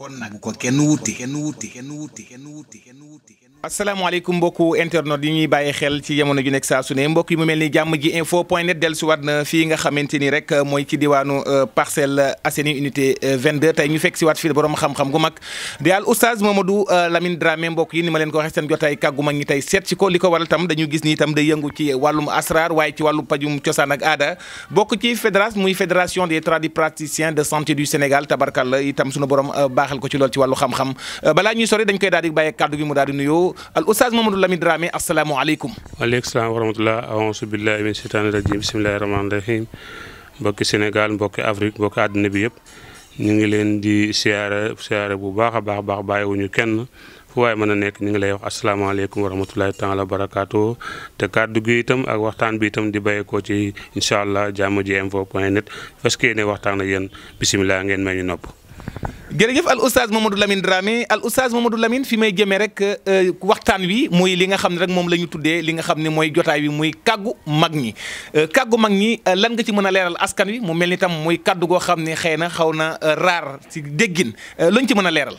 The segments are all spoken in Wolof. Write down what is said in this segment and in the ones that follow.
kon nag bu ko kenn wuti kenn wuti kenn wuti kenn wuti kenn wuti asalaamaaleykum mbokku internet yi ñuy bàyyi xel ci jamono ju nekk saa su ne mbokk yi mu mel ni jàmm ji info point net dellusiwaat na fii nga xamante ni rek mooy ci diwaanu euh, Parcelles Assainies unité 22 euh, tey ñu fekk si waat fii borom xam-xam gu mag di al oustaz Mamadou euh, Lamine Dramé mbokk yi ni ma leen ko waxee seen jotaay kàggu mag ñi tey seet si ko li ko waral tam dañu gis ni itam day yëngu ci wàllum asrar waaye ci wàllu pajum cosaan ak aada bokk ci fédération muy fédération des tradipraticiens de santé du Sénégal tabarkal itam sunu borom baax baaxal ko ci lool ci wàllu xam-xam euh, balaa ñuy sori dañ koy daal di bàyyi kàddu gi mu daal di nuyoo al oustaz Mamadou Lamine Dramé asalaamaaleykum. waaleykum salaam wa rahmatulah aouzu billahi min shaytaani rajim bismillahi rahmaani rahim mbokki Sénégal mbokki Afrique mbokki àdduna bi yëpp ñu ngi leen di siyaare siyaare bu baax a baax baax ñu kenn. fu waaye mën a nekk ñu ngi lay wax asalaamaaleykum wa rahmatulahi taala wa barakaatu te kàddu gi itam ak waxtaan bi itam di bàyyi ko ci incha allah jàmm ji info point net fas yéene waxtaan yéen bisimilah ngeen may ñu nopp. jërëjëf al oustaz Mamadou Lamine Dramé al oustaz Mamadou Lamine fi may jëmee rek euh, waxtaan wi muy li nga xam ne rek moom la ñu tuddee li nga xam ne mooy jotaay wi muy kàggu mag ñi euh, kàggu mag ñi euh, lan nga ci mën a leeral askan wi mu mel ni tam muy kàddu goo xam ni xëy na xaw na raar ci déggin luñ ci mën a leeral.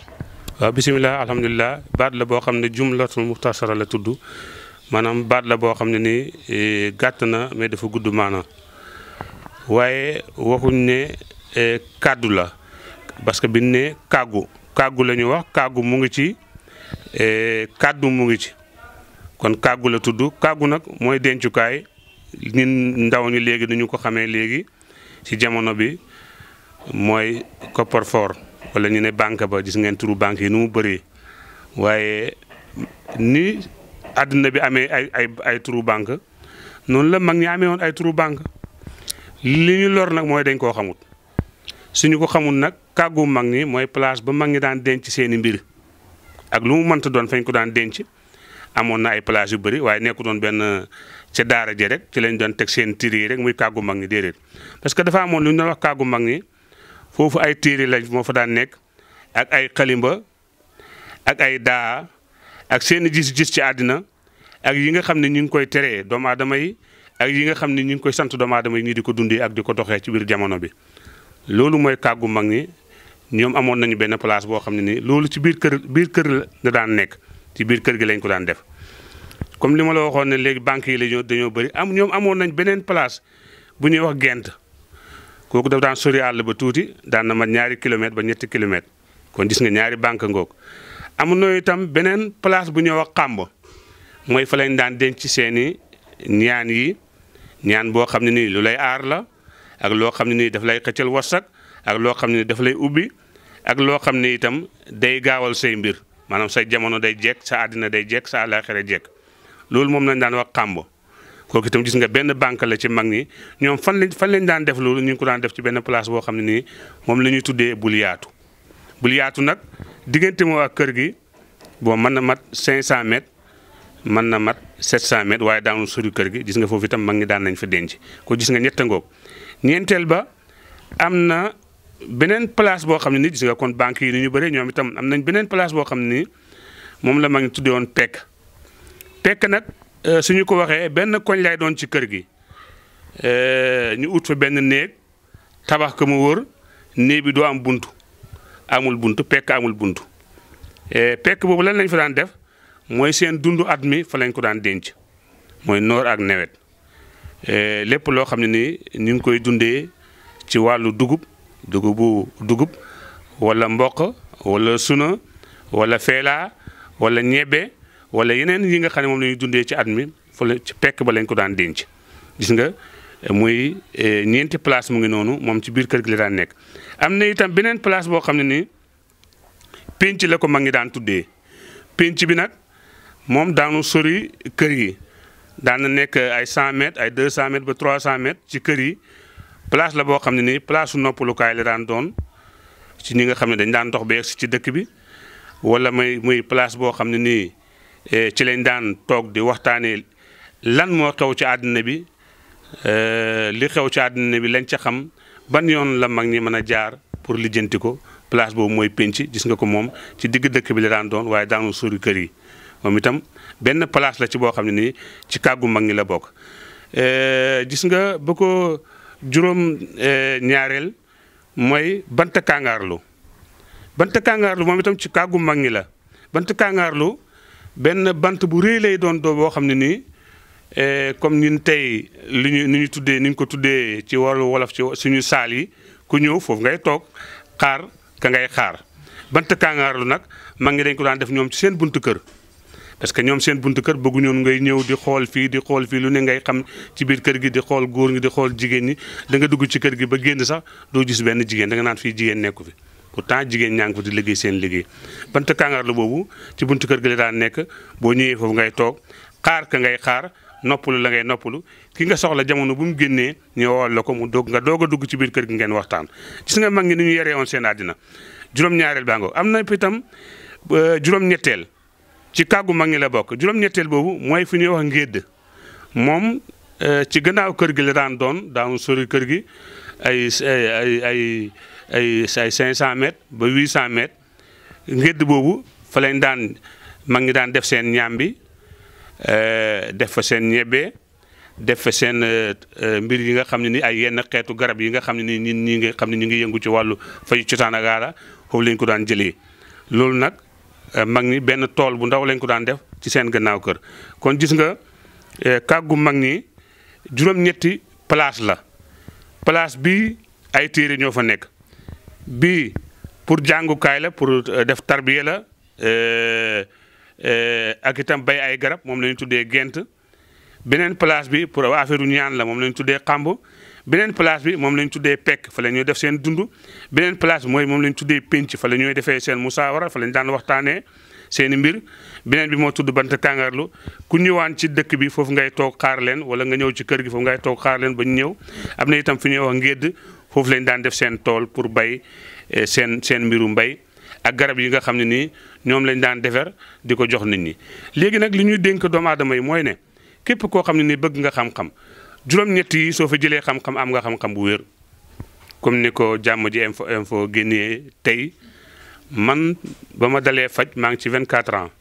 waaw bisimilah alhamdulilah baat la boo xam ne jumlatul muxtasara la tudd maanaam baat la boo xam ne nii eh, gàtt na mais dafa gudd maana waaye waxuñ ne eh, kàddu la. parce que biñ ne kàggu kàggu la ñu wax kàggu mu ngi ci e, kàddu mu ngi ci kon kàggu la tudd kàggu nag mooy dencukaay ñun ndaw ñi léegi ni ñu ko xamee léegi ci jamono bi mooy coffre-fort wala ñu ne banque ba gis ngeen turu yi nu mu bëree waaye ni àdduna bi amee ay ay ay turu banque noonu la mag ñi amee woon ay turu banque li ñu lor nag mooy dañ koo xamut suñu ko xamul nag kàggu mag ñi mooy place ba mag ñi daan denc seeni mbir ak lu mu mënta doon fañ ko daan denc amoon na ay place yu bari waaye nekku doon benn ca daara ji rek ci lañ doon teg seen tiir yi rek muy kàggu mag ñi déedéet. parce que dafa amoon lu ñu doon wax kàggu mag ñi foofu ay tiir lañ moo fa daan nekk ak ay xalimba ak ay daa ak seeni jis jis ci àddina ak yi nga xam ne ñu ngi koy teree doomu aadama yi ak yi nga xam ne ñu ngi koy sant doomu aadama yi ñu di ko dundee ak di ko doxee ci biir jamono bi loolu mooy kàggu mag ñi. ñoom amoon nañu benn place boo xam ne ni loolu ci biir kër biir kër la daan nekk ci biir kër gi lañ ko daan def comme li ma la waxoon ne léegi banques yi la dañoo bari am ñoom amoon nañ beneen place bu ñuy wax gent kooku daf daan sori àll ba tuuti daan na mat ñaari kilomètre ba ñetti kilomètre kon gis nga ñaari banque ngoog am na itam beneen place bu ñuy wax xàmb mooy fa lañ daan denc seen i ñaan yi ñaan boo xam ne nii lu lay aar la ak loo xam ne nii daf lay xëccal wasak ak loo xam ne nii daf lay ubbi ak loo xam ne itam day gaawal say mbir maanaam sa jamono day jekk sa àddina day jekk sa àllaaxira jekk loolu moom lañ daan wax xàmbo kooku itam gis nga benn banque la ci mag ñi ñoom fan lañ fan daan def loolu ñu ko daan def ci benn place boo xam ne nii moom la ñuy tuddee bul yaatu bul yaatu nag diggante moo ak kër gi boo mën na mat 500 mètres mën na mat 700 mètres waaye daanul sori kër gi gis nga foofu itam mag ñi daan nañ fa denc ko gis nga ñett ngoog beneen place boo xam ne ni kon banques yi ni ñu bëree ñoom itam am nañ beneen place boo xam ni moom la ma ngi tuddee woon pekk pekk nag euh, suñu ko waxee benn koñ lay doon ci kër gi euh, ñu ut fa benn néeg tabax ko mu wër néeg bi doo am buntu amul buntu pekk amul buntu euh, pekk boobu lan lañ fa daan def mooy seen dundu at mi fa lañ ko daan denc mooy noor ak nawet lépp loo xam ne ni ñu ngi koy dundee ci wàllu dugub dugubu dugub wala mboq wala suna wala feelaa wala ñebe wala yeneen yi nga xam ne moom lañuy dundee ci at mi fa la ci pekk ba lañ ko daan denc gis nga muy eh, ñeenti place mu ngi noonu moom ci biir kër gi la daan nekk am na itam beneen place boo xam ne nii pénc la ko mag ñi daan tuddee pénc bi nag moom daanu sori kër yi daan nekk ay 100 mètres ay 200 mètres ba 300 mètres ci kër yi place la boo xam ne nii place su noppalukaay la daan doon ci ñi nga xam ne dañ daan dox ba yegsi ci dëkk bi wala muy muy place boo xam ne nii eh, ci lañ daan toog di waxtaanee lan moo xew ci àddina bi eh, li xew ci àddina bi lañ ca xam ban yoon la mag ñi mën a jaar pour lijjanti ko place boobu mooy penc gis nga ko moom ci digg dëkk bi la daan doon waaye daanu sori kër yi moom itam benn place la ci boo xam ne nii ci kàggu mag ñi la bokk eh, gis nga bu ko juróom eh, ñaareel mooy bant kàngaarlu bant kàngaarlu moom itam ci kàggu mag ñi la bant kàngaarlu benn bant bu rëy lay doon doo boo xam ne nii eh, comme ñun tey li ñu ni ñu tuddee ni ñu ko tuddee ci wàllu wolof ci suñu saal yi ku ñëw foofu ngay toog xaar ka ngay xaar bant kàngaarlu nag mag ñi dañ ko daan def ñoom ci seen buntu kër parce que ñoom seen buntu kër bëggu ñoon ngay ñëw di xool fii di xool fii lu ne ngay xam ci biir kër gi di xool góor ñi di xool jigéen ñi danga dugg ci kër gi ba génn sax doo gis benn jigéen da nga naan fii jigéen nekku fi pourtant jigéen ñaa ngi fa di liggéey seen bant kàngaar boobu ci buntu kër gi la daan nekk boo ñëwee foofu ngay toog xaar ka ngay xaar noppalu la ngay noppalu ki nga soxla jamono bu mu génnee ñu la ko mu doog nga doog a dugg ci biir kër gi ngeen waxtaan gis nga mag ñi ni ñu yaree woon seen àddina juróom-ñaareel baa ngoog am na itam juróom-ñetteel ci kàggu mag ñi la bokk juróom-ñetteel boobu mooy fu ñuy wax ngédd moom euh, ci gannaaw kër gi la daan doon daanu sori kër gi ay ay ay ay cinq cent mètres ba huit cent mètres ngédd boobu fa lañ daan mag ñi daan def seen ñaam bi euh, def fa seen ñebbe def fa seen euh, mbir yi nga xam ne ni ay yenn xeetu garab yi nga xam ne ni ñun nga xam ne ñu ngi yëngu ci wàllu faju cosaan ak aada foofu lañ ko daan jëlee loolu nag Eh, mag ñi benn tool bu ndaw lañ ko daan def ci seen gannaaw kër kon gis nga eh, kàggu mag ñi juróom-ñetti place la place bi ay téere ñoo fa nekk bi pour jàngukaay la pour eh, def tarbiya la ak itam bay ay garab moom la tuddee gent beneen place bi pour affaire u ñaan la moom lañu tuddee xàmb beneen place bi moom lañu tuddee pek fa la ñuy def seen dund beneen place bi mooy moom lañu tuddee penc fa la defee seen musaawara fa la daan waxtaanee seen mbir beneen bi moo tudd bant kàngarlu ku ñëwaan ci dëkk bi foofu ngay toog xaar leen wala nga ñëw ci kër gi foofu ngay toog xaar leen ba ñu ñëw am na itam fu ñuy wax ngédd foofu lañ daan def seen tool pour bay eh, seen seen mbiru mbay ak garab yi nga xam ne nii ñoom lañ daan defar di ko jox nit ñi léegi nag li ñuy dénk doomu aadama yi mooy ne képp koo xam ne ni bëgg nga xam juróom-ñett yi soo fa jëlee xam-xam am nga xam-xam bu wér comme ni ko jàmm ji info info génnee tey man ba ma dalee faj maa ngi ci quatre ans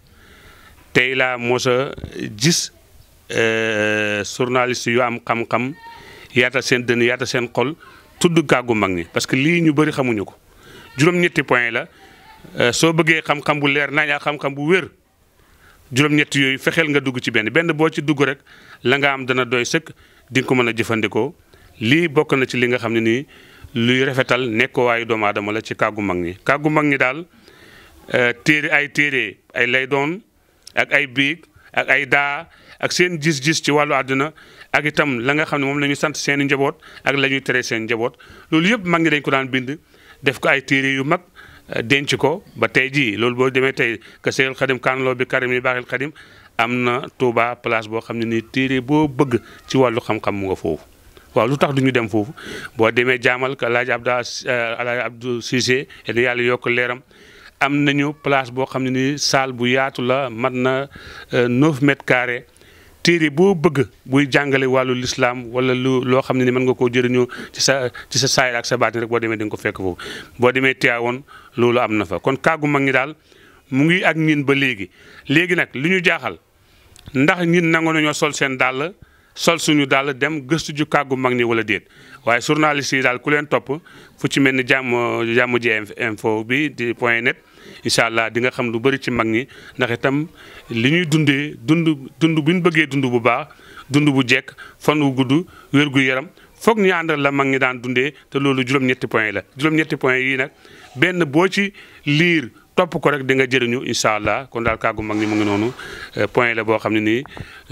tey laa mos a gis euh, journaliste yu am xam-xam yaata seen dënn yaata seen xol tudd kàggu mag ñi parce que lii ñu bëri xamuñu ko juróom-ñetti point la euh, soo bëggee xam-xam bu leer naa xam-xam bu wér juróom-ñetti yooyu fexeel nga dugg ci benn benn boo ci dugg rek la nga am dana doy sëkk di ko mën a jëfandikoo lii bokk na ci li nga xam ne nii luy rafetal nekkuwaayu doomu aadama la ci kàggu mag ñi kàggu mag ñi daal euh, téere ay téere ay lay doon ak ay biig ak ay daa ak seen gis-gis ci wàllu àdduna ak itam la nga xam ne moom la ñuy sant seen njaboot ak la ñuy tere seen njaboot loolu yëpp mag ñi dañ ko daan bind def ko ay téere yu mag denc ko ba tey jii loolu boo demee tey ka seyul xadim kaanaloo bi karim yi baaxil xadim am na Touba place boo xam ne nii téere boo bëgg ci wàllu xam-xam mu nga foofu waaw lu tax du ñu dem foofu boo demee jaamal ka Alaaji Abda euh, Alaaji Abdou Cissé yàlla yokk leeram am nañu place boo xam ne nii salle bu yaatu la mat na 9 euh, mètres carrés téere boo bëgg buy jàngale wàllu lislaam wala lu loo xam ne ni mën nga koo jëriñoo ci sa ci sa saayir ak sa baatin rek boo demee di ko fekk foofu boo demee Tiwaawoon loolu am na fa kon kàggu mag ñi daal mu ngi ak ñin ndax nit nangu nañoo sol seen dàll sol suñu dàll dem gëstu ju kàggu mag ni wala déet waaye journaliste yi daal ku leen topp fu ci mel ni jàmm jàmm ji info bi di point net incha allah di nga xam lu bëri ci mag ñi ndax itam li ñuy dundee dund dund bu ñu bëggee dund bu baax dund bu jekk fan wu gudd wér gu yaram foog ñu àndal la mag ñi daan dundee te loolu juróom-ñetti point la juróom-ñetti point yi nag benn boo ci liir topp ko rek di nga jëriñu incha allah kon daal kàggu mag ñi mu ngi noonu eh, point la boo xam ne nii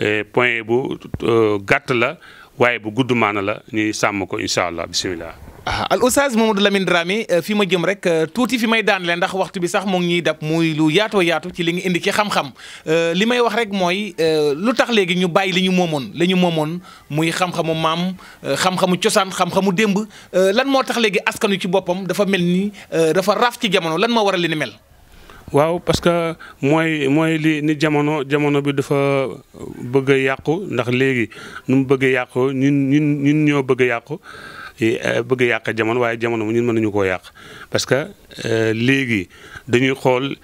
eh, point bu euh, gàtt la waaye bu gudd maana la ñuy sàmm ko incha allah bisimilah. Ah, al oustaz Mamadou Lamine Dramé eh, fi ma jëm rek tuuti fi may daanale ndax waxtu bi sax mu ngi ñuy dab muy lu yaatoo yaatu ci li nga indi ci xam-xam li may wax rek mooy lu tax léegi ñu bàyyi li ñu moomoon li ñu moomoon muy xam-xamu maam xam-xamu cosaan xam-xamu démb lan moo tax léegi askanu ci boppam dafa mel ni dafa raaf ci jamono lan moo waral li ni mel. waaw parce que mooy mooy li ni jamono jamono bi dafa bëgg yàqu ndax léegi nu mu bëgg yàqu ñun ñun ñun ñoo bëgg a yàqu e, bëgg a yàq jamono waaye jamono mu ñun mën nañu koo yàq parce que e, léegi dañuy xool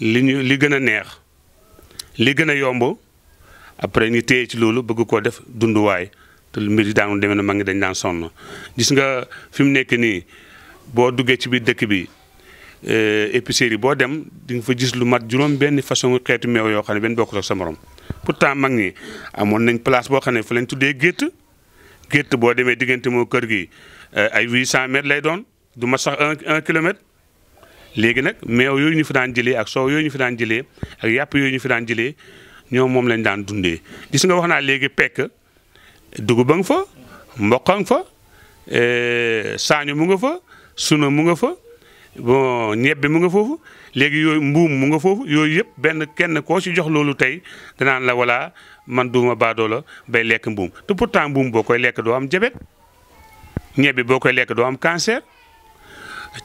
li ñu li gën a neex li gën a yomb après ñu téye ci loolu bëgg koo def dunduwaay te mbir yi daanu demee na mag ngi dañ daan sonn gis nga fi mu nekk nii boo duggee ci biir dëkk bi Euh, épicerie boo dem di fa gis lu mat juróom benn façon xeetu meew yoo xam ne benn bokk ak sa morom pourtant mag ñi amoon nañ place boo xam ne fa lañ tuddee gétt gétt boo demee diggante moo kër gi euh, ay 800 mètres lay doon du ma sax kilomètre. léegi nag meew yooyu ñu fi daan jëlee ak soow yooyu ñu fi daan jëlee ak yàpp yooyu ñu fi daan jëlee ñoom moom lañ daan dundee gis nga wax naa léegi pekk dugub a fa mboq a fa euh, saañu mu nga fa suna mu nga fa. bon ñebbe mu nga foofu léegi yooyu mbuum mu nga foofu yooyu yëpp benn kenn koo ci jox loolu tey danaan la walla man duuma baadoo la bay lekk mbuum te pourtant mbuum boo koy lekk doo am jabet ñebbe boo koy lekk doo am cancer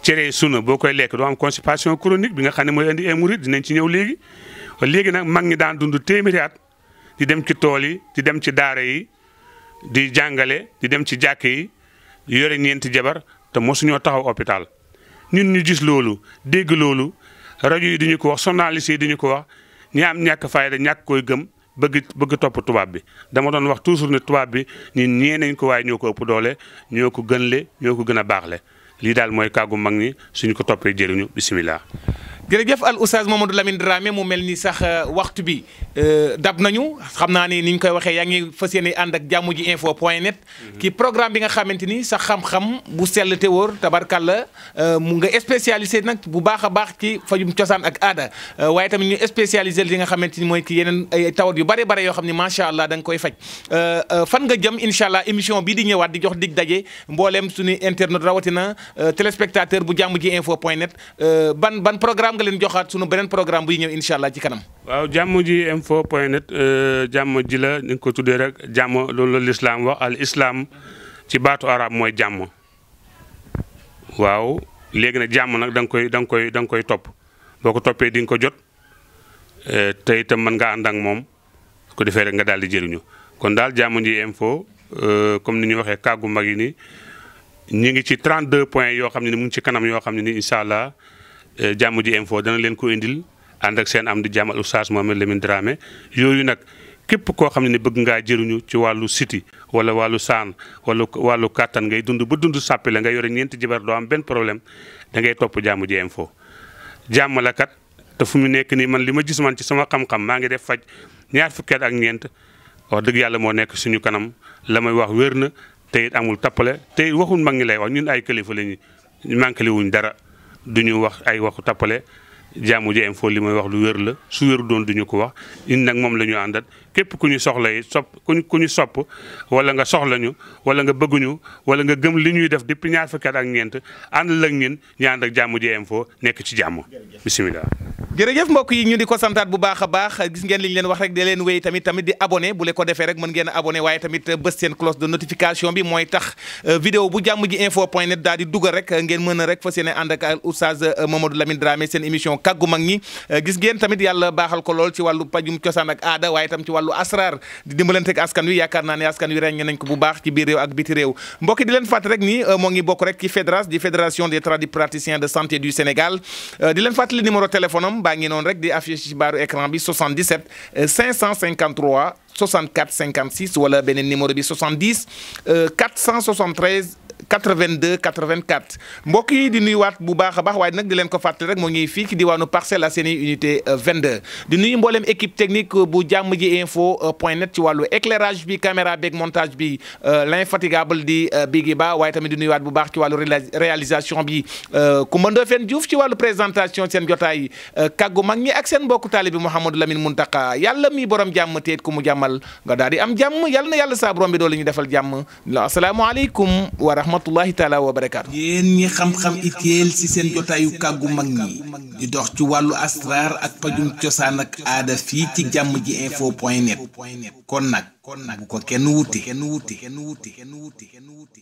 cere suna boo koy lekk doo am constipation chronique bi nga xam ne mooy indi hémorroïde dinañ ci ñëw léegi. léegi nag mag ñi daan dund téeméeri di dem ci tool yi di dem ci daara yi di jàngale di dem ci jàkk yi yore ñeenti jabar te mosuñoo taxaw hôpital. ñun ñu gis loolu dégg loolu rajo yi duñu ko wax journaliste yi duñu ko wax ñi am ñàkk fayda ñàkk koy gëm bëgg bëgg topp tubaab bi dama doon wax toujours ne tubaab bi ñun ñee nañ ko waaye ñoo ko ëpp doole ñoo ko gën le ñoo ko gën a baax le lii daal mooy gu mag ñi suñu ko toppee jëriñu bisimilah. jërëjëf al oustaz Mamadou Lamine Dramé mu mel ni sax euh, waxtu bi euh, dab nañu xam naa ni ni ñu koy waxee yaa ngi fas yéene ànd ak jàmm ji info point net. Mhm. ki programme bi nga xamante ni sax xam-xam bu sell te wóor tabarkalla euh, mu nga spécialisé nag bu baax a baax ci fajum cosaan ak aada waaye tamit ñu spécialisé li nga xamante ni mooy ci yeneen tawat yu bare bare yoo xam ni macha allah da nga koy faj. fan nga jëm incha allah émission bii di ñëwaat di jox dig daje mbooleem suñu internet rawatina téléspectateur bu jàmm ji info point ban ban programme. baam leen joxaat sunu beneen programme buy ñëw incha allah waaw jàmm ji info point net euh, jàmm ji la ni ko tuddee rek jàmm loolu la lislaam wax al islam ci baatu arab mooy jàmm. waaw léegi nag jàmm nag danga koy da koy da nga koy topp boo ko toppee di nga ko jot euh, tey itam man ngaa ànd moom su ko defee rek nga daal di jëriñu kon daal jàmm ji info euh, comme ni ñu waxee kàggu mag yi nii ñu ngi ci 32 points yoo xam ne ni mu ci kanam yoo xam ne ni incha allah. Eh, jàmm ji info dana leen ko indil ànd ak seen am di jàmm al oustaz Mohamed Lamine Dramé yooyu nag képp koo xam ne ni bëgg ngaa jëruñu ci wàllu siti wala wàllu saan wala wàllu kàttan ngay dund ba dund sàppi la ngay yore ñeenti jabar doo am benn problème dangay topp jàmm ji m fo la kat te fu mu nekk nii man li ma gis man ci sama xam-xam maa ngi def faj ñaar fukki at ak ñeent wax dëgg yàlla moo nekk suñu kanam la may wax wér na te it amul tappale te waxul mag ngi lay wax ñun ay kilifa lañu dara du ñu wax ay waxu tappale jàmm ji info li may wax lu wér la su wéru doon duñu ko wax in nag moom la ñu àndat képp ku ñu soxla yi sopp kuñ ku ñu sopp wala nga soxla ñu wala nga bëgguñu wala nga gëm li ñuy def depuis ñaar fukki at ak ñeent ànd la ak ñu ànd ak jàmm ji info nekk ci jàmm bisimilah. jërëjëf mbokk yi ñu di ko santaat bu baax a baax gis ngeen li ñu leen wax rek di leen wéy tamit tamit di abonné bu le defee rek mën ngeen a waaye tamit bës seen cloche de notification bi mooy tax euh, vidéo bu jàmm daal di dugal rek ngeen mën a rek fas yéene ànd ak euh, seen émission kàggu mag ñi euh, gis ngeen tamit yàlla baaxal ko lool ci wàllu pajum cosaan ak aada waaye tam ci wàllu asrar di dimbalanteeg askan wi yaakaar naa ne askan wi ràññee nañ ko bu baax ci biir réew ak biti réew mbokki di leen fàtt rek ni euh, moo ngi bokk rek ci FEDRAS di fédération des tradipraticiens de santé du Sénégal euh, di leen fàttali numéro téléphone baa ngi noonu rek di affiché ci baaru écran bi 77 553 64 56 wala beneen numéro bi 70 473 82 84 mbokk yi di nuyuwaat bu baax a baax waaye nag leen ko fàttali rek moo ñuy fii ci diwaanu Parcelles Assainies unité 22 euh, di nuyu mbooleem équipe technique euh, bu jàmm ji info euh, point net ci wàllu éclairage bi caméra beeg montage bi l'infatigable di Biggi Ba waaye tamit di waat bu baax ci wàllu réalisation bi Coumba Ndoffène Diouf ci wàllu présentation seen jotaay kàggu mag ñi ak seen mbokku taalibi Mouhamadou Lamine Muntaka yàlla mi borom jàmm teet ku mu jàmmal nga daal di am jàmm yàlla na yàlla saa borom bi doolu ñu defal jàmm rahmatullahi taala wa barakaatu. yéen ñi xam-xam itéel ci seen jotaayu kàggu mag ñi di dox ci wàllu astrar ak pajum cosaan ak aada fii ci jàmm ji info point net kon nag bu ko kenn wuti.